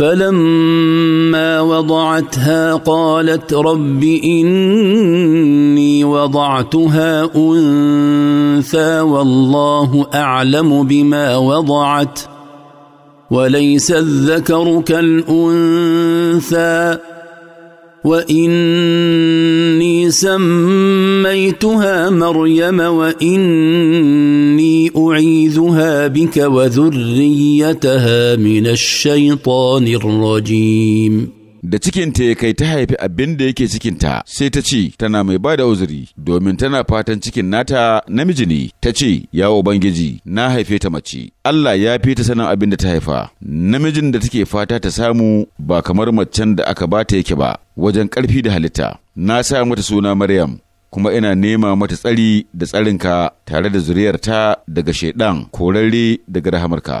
فلما وضعتها قالت رب اني وضعتها انثى والله اعلم بما وضعت وليس الذكر كالانثى وان سميتها مريم واني اعيذها بك وذريتها من الشيطان الرجيم da cikinta ya kai ta haifi abin da yake cikinta sai ta ce tana mai ba da uzuri domin tana fatan cikin nata namiji ne ta ce ya ubangiji na haife ta mace Allah ya fi ta sanin abin da ta haifa namijin da take fata ta samu ba kamar macen da aka ba ta yake ba wajen ƙarfi da halitta na sa mata suna Maryam kuma ina nema mata tsari da tsarinka tare da zuriyarta daga shaidan korarre daga rahamarka